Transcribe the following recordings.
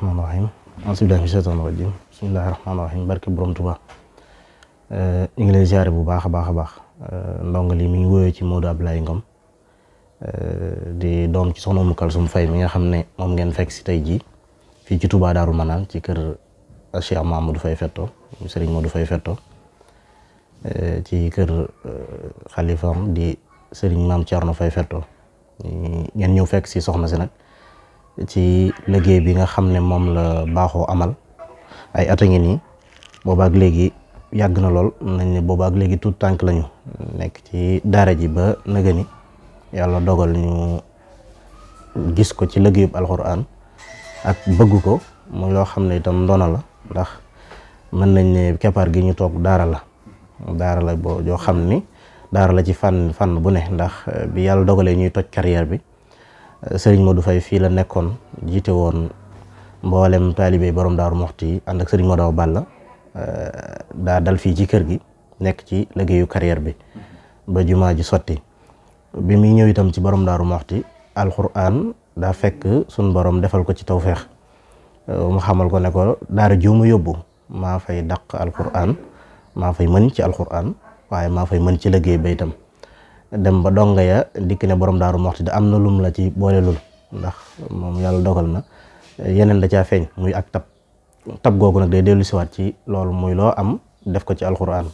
rahmaani rahiim alhamdulilah bi seetaan rajim barke borom Tuubaa eh, ñu ngi lay ziare bu baax a baax a baax eh, ndongo li mi ngi wóyoo ci Modou Abdoulaye Ngom eh, di doom ci soxna Umu Kalsum Fay mi nga xam ne moom ngeen fekk si tey jii fii ci Touba Darou Manaan ci kër Cheikh Mamadou Fay Fetto Serigne Modou Fay Fetto ci kër xalifam di Serigne Maam Thierno Fay Fetto ngeen ñëw fekk si soxna si nag. ci liggéey bi nga xam ne moom la baaxoo amal ay at a ngi nii boobaak léegi yàgg na lool nañ ne boobaak léegi tout tànk lañu nekk ci daara ji ba nëga yàlla dogal ñu gis ko ci liggéeyub alxuraan ak bëgg ko muy loo xam ne itam ndono la ndax mën nañ ne keppaar gi ñu toog daara la daara la boo joo xam ni daara la ci fànn fànn bu ne ndax bi yàlla dogalee ñuy toj carrière bi sëriñ Modou Faye fii la nekkoon jiite woon mboolem taalibe borom daaru Moxti ànd ak sëriñ Modou Balla euh, daa dal fii ci kër gi nekk ci liggéeyu carrière bi ba jumaa ji sotti bi muy ñëwitam ci borom daaru Moxti alxuraan daa fekk suñ borom defal ko ci tawféex euh, mu xamal ko ne ko daara juuma yóbbu maa fay daq alxuraan maa fay mën ci alxuraan waaye maa fay mën ci liggéey ba itam dem ba donga ya dikk ne borom daaru moxti da am na lum la ci boole ndax moom yàlla dogal na yeneen da feeñ muy ak tab tab nag day dellu ci loolu muy loo am def ko ci alxuraan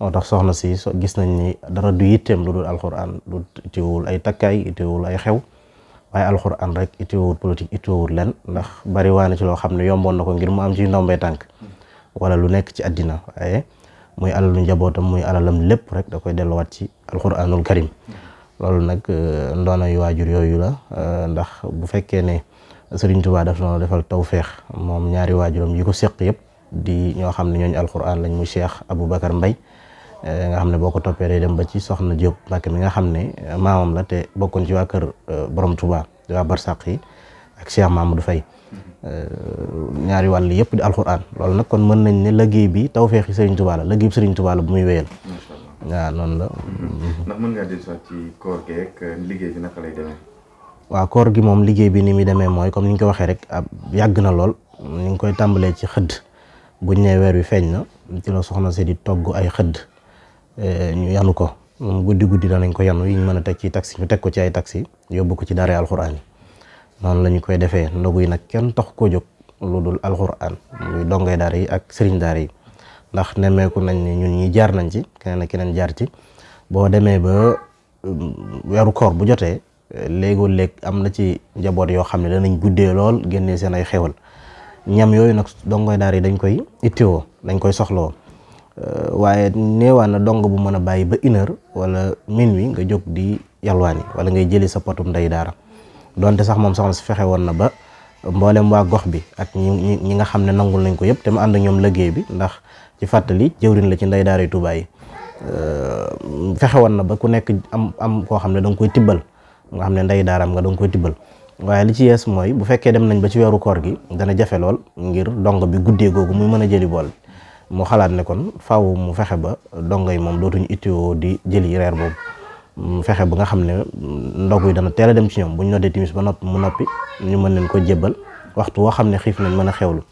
moo tax soxna si gis nañ ni dara du yitteem lu dul alxuraan du itiwul ay takkaay itiwul ay xew waaye alxuraan rek itiwul politique itiwul len ndax bari waane ci loo xam ne yomboon na ko ngir mu am ci tànk wala lu nekk ci àddina waaye muy alalu njabootam muy alalam lépp rek da koy delluwaat ci alquranul karim loolu nag euh, ndoonay waajur yooyu la euh, ndax bu fekkee ne Sëriñ Tuubaa daf noonu defal tawféex moom ñaari waajuram yi ko seq yëpp di ñoo xam ne ñooñu alquran lañ muy Cheikh Aboubacar Mbaye euh, nga xam ne boo ko toppee dem ba ci soxna Diop Mbàkke mi nga xam ne maamam la te bokkoon ci waa kër borom Tuubaa di waa Barsàq yi ak Cheikh Mamadou Faye ñaari wàll yëpp di alquran loolu nag kon mën nañ ne liggéey bi tawféexi Sëriñ Tuubaa la liggéey bi Sëriñ Tuubaa la bu muy wéyal waaw noonu la. Mm-hmm. ndax mën ngaa dellusiwaat ci koor gi rek uh, liggéey bi koor gi moom liggéey bi ni muy demee mooy comme ni ñu ko waxee rek ab yàgg na lool ñu koy tàmbalee ci xëdd buñ nee weer wi feeñ na ci la soxna si di togg ay xëdd eh, ñu yanu ko moom guddi guddi nañ ko yanu yi ñu mën a teg ci taxi ñu teg ko ci ay taxi yóbbu ko ci daara alxuraan yi noonu lañu koy defee ndogu yi nag kenn tax koo jóg lu dul alxuraan muy dongay daara yi ak sëriñ daar yi. ndax nemmeeku nañ ni ñun ñi jaar nañ ci keneen ak keneen jaar ci boo demee ba mm, weeru koor bu jotee léegoo léeg am na ci njaboot yoo xam ne danañ guddee lool génnee seen ay xewal ñam yooyu nag dongoy daar yi dañ koy ittiwoo dañ koy soxlawoo euh, waaye neewaa na dong bu mën a bàyyi ba une heure wala wi nga jóg di yi wala ngay jëli sa potum ndey daara donte sax moom soxna si fexe woon na ba mboolem waa gox bi ak ñi ñi nga xam ne nangul nañ ko yëpp te mu ànd ñoom liggéey bi ndax ci fàttali jëwriñ la ci nday daaray Touba yi fexe woon na ba ku nekk am am koo xam ne da nga koy tibbal nga xam ne nday daaraam nga da nga koy tibbal waaye li ci yees mooy bu fekkee dem nañ ba ci weeru koor gi dana jafe lool ngir dong bi guddee googu muy mën a jëli bool bi mu xalaat ne kon faaw mu fexe ba dongo yi moom dootuñu ittiwoo di jëli reer boobu fexe bu nga xam ne ndogu yi dana teel a dem ci ñoom bu ñu noddee timis ba noppi mu noppi ñu mën leen koo jébbal waxtu woo xam ne xiif nañ mën a xewlu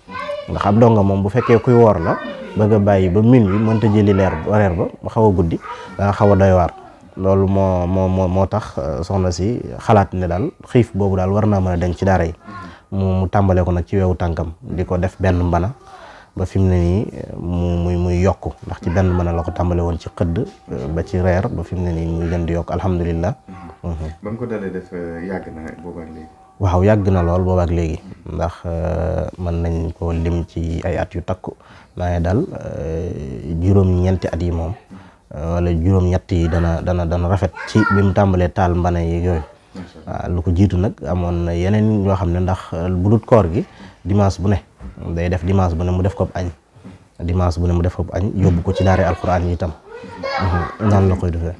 ndax ab donga moom bu fekkee kuy woor la bëgg a bàyyi ba min wi mënta jëli leer reer ba ba xaw a guddi nga xaw a doy waar loolu moo moo moo tax euh, soxna si xalaat ne daal xiif boobu daal war naa mën a denc ci daara yi mu tàmbalee ko nag ci weewu tànkam di ko def benn mbana ba fi ne nii ndax ci benn mën a la ko tàmbale woon ci xëdd euh, ba ci reer ba fi mu ne nii muy yokk alhamdulilah. Mm-hmm. Mm-hmm. ba mu ko dalee def euh, yàgg na yàgg na lool boobaak léegi. ndax euh, mën nañ ko lim ci ay at yu takku naa dal juróom-ñeenti at yi moom. wala juróom-ñett dana dana dana rafet ci bi mu tàmbalee taal mbana yeeg yooyu. waaw lu ko jiitu nag amoon na yeneen yoo xam ne ndax bu koor gi dimanche bu ne. day def dimanche bu ne mu def ko añ. dimanche bu ne mu def ko añ yóbbu ko ci daara alxuraan yi itam. Mhm. naan la koy defee.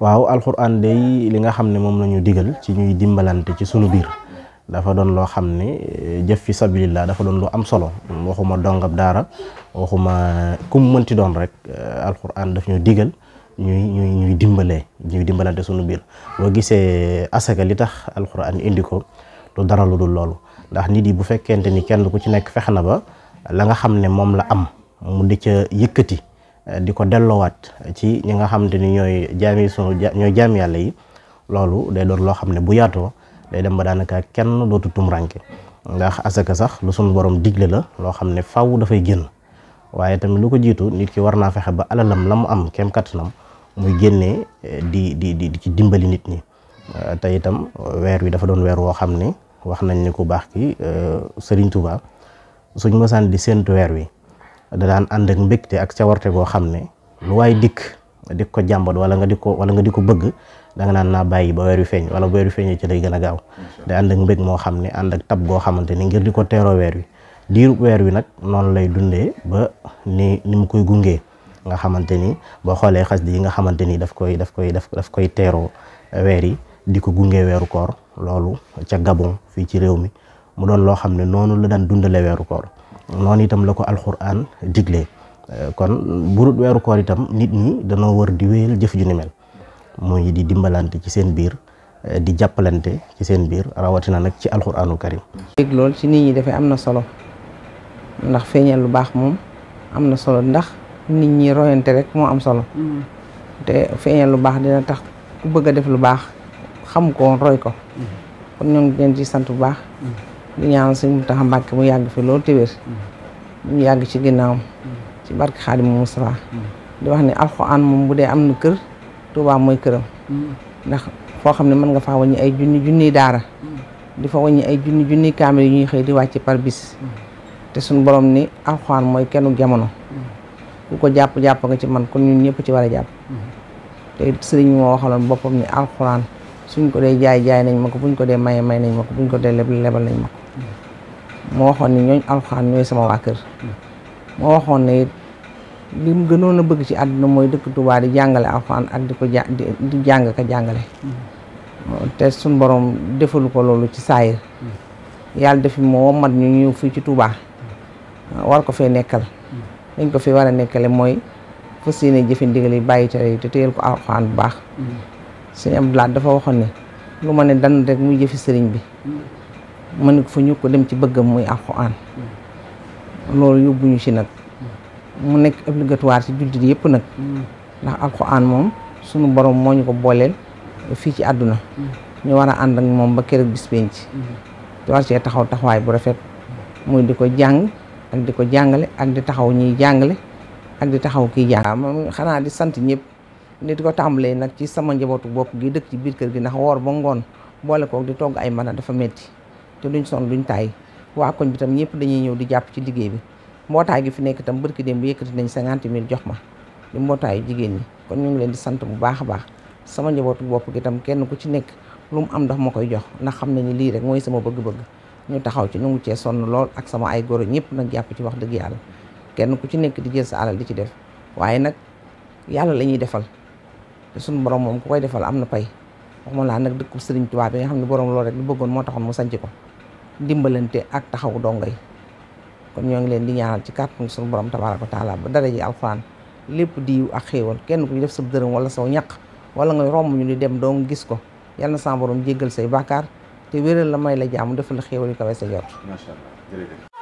waaw alxuraan day li nga xam ne moom lañu ñu digal ci ñuy dimbalante ci sunu biir. dafa doon loo xam ne eh, jëf fi sabilillah dafa doon lu am solo waxuma dongab daara waxuma kum mënti doon rek eh, alxuraan daf ñu digal. ñuy ñuy ñuy dimbalee ñuy dimbalante suñu biir boo gisee asaka li tax alxuraan indi ko lu dara lu dul loolu ndax nit yi bu fekkente ni kenn ku ci nekk fexe na ba la nga xam ne moom la am mu di ca yëkkati eh, di ko delloowaat ci ñi nga xam te ni ñooy jaami sunu ñooy jaam yàlla yi loolu day doon loo xam ne bu yaatoo day dem ba daanaka kenn dootu tumranke ndax asaka sax lu sunu borom digle la loo xam ne faw dafay génn waaye tamit lu ko jiitu nit ki war naa fexe ba alalam la mu am kem kattanam muy génnee eh, di di di ci dimbali nit ñi eh, te itam weer wi dafa doon weer woo xam ne wax nañ ni ku baax ki Serigne Touba. suñ saan di séntu weer wi da daan ànd ak mbégte ak cawarte goo xam ne lu waay dikk dikk ko jàmbat wala nga di ko wala nga di ko bëgg danga naan naa bàyyi ba weer wi feeñ wala ba weer wi feeñee ci lay gën a gaaw day ànd ak mbég moo xam ne ànd ak tab goo xamante ni ngir di ko teeroo weer wi diirub weer wi nag noonu lay dundee ba ni ni mu koy gungee nga xamante ni boo xoolee xasida yi nga xamante ni daf koy daf koy daf koy teeroo weer yi di ko gungee weeru koor loolu ca Gabon fii ci réew mi mu doon loo xam ne noonu la daan dundale weeru koor noonu itam la ko alxuraan diglee euh, kon burut weeru koor itam nit ñi danoo war di wéyal jëf ju ni mel muy di dimbalante ci seen biir euh, di jàppalante ci seen biir rawatina nag ci alxuraanu karim dégg lool ci nit ñi defee am na solo ndax feeñal lu baax moom am na solo ndax nit ñi royante rek moo am solo mm. te feeñal lu baax dina tax ku bëgg a def lu baax xam ko roy ko mm. kon ñoom di ci sant bu baax mm. di ñaan mu Muntaxa Mbàkke mu yàgg fi loolu te wér mm. yàgg ci ginnaawam mm. ci barke Xaadimu Mustafaa mm. di wax ne alxuraan moom bu dee am na kër Tuubaa mooy këram ndax foo xam ne mën nga faa wàññi ay junni junniy daara di fa wàññi ay junni junniy yu ñuy xëy di wàcc par bis te suñ borom ni alxuraan mooy kennu jamono ku ko jàpp-jàpp nga ci man kon ñun ñëpp ci war a jàpp te sëriñ moo waxaloon boppam ni alxuraan suñ ko dee jaay jaay nañ ma ko buñ ko dee maye may nañ ma ko buñ ko dee lebal lebal nañ ma ko moo waxoon ni ñooñ alxuraan ñooy sama waa kër moo waxoon ne it li mu gënoon a bëgg ci àdduna mooy dëkk Tuubaa di jàngale alxuraan ak di ko ja di jàng ka jàngale te suñ borom defalu ko loolu ci saayir yàlla defi moo mat ñu ñëw fii ci Tuubaa war ko fee nekkal dañ ko fi war a nekkale mooy fas yéene jëfe ndigal yi bàyyi tere yi te téyel ko alxuraan bu baax sëñ Abdou Lahad dafa waxoon ne lu ma ne dan rek muy jëfe sëriñ bi mën fu ñu ko dem ci bëggam muy alxuraan loolu yóbbuñu ci nag mu nekk obligatoire ci jullit yëpp nag ndax alxuraan moom sunu borom moo ñu ko booleel fii ci àdduna ñu war a ànd ak moom ba keroog bis penc te war cee taxaw taxawaay bu rafet muy di ko jàng ak di ko jàngale ak di taxaw ñuy jàngale ak di taxaw kiy jàng moom xanaa di sant ñëpp nit ko tàmbalee nag ci sama njabootu bopp gi dëkk ci biir kër gi ndax woor ba ngoon boole koog di tog ay mën dafa metti te duñ son duñ taay waa koñ bi tam ñëpp dañuy ñëw di jàpp ci liggéey bi mbootaay gi fi nekk itam barki démb bu yëkkati nañ cinquante mille jox ma di mbootaayu jigéen ñi kon ñu ngi leen di sant bu baax a baax sama njabootu bopp gi tam kenn ku ci nekk lu mu am daf ma koy jox ndax xam nañu lii rek mooy sama bëgg-bëgg ñu taxaw ci nu cee sonn lool ak sama ay goro ñëpp nag jàpp ci wax dëgg yàlla kenn ku ci nekk di jël sa alal di ci def waaye nag yàlla la ñuy defal te suñu borom moom ku koy defal am na pay waxuma laa nag dëkku Sëriñ Tuubaa bi nga xam ne borom loolu rek lu bëggoon moo taxoon mu sanc ko ndimbalante ak taxaw dongo yi kon ñoo ngi leen di ñaanal ci kàttan suñu borom tabaaraka wa taala ba dara ji alxuraan lépp diiw ak xéewal kenn ku def sa dërëm walla saw ñaq wala nga romb ñu di dem doo gis ko yal na sa jéggal say bàkkaar te wéral la may la jaamu defal la xéewal yu kawe sa jot.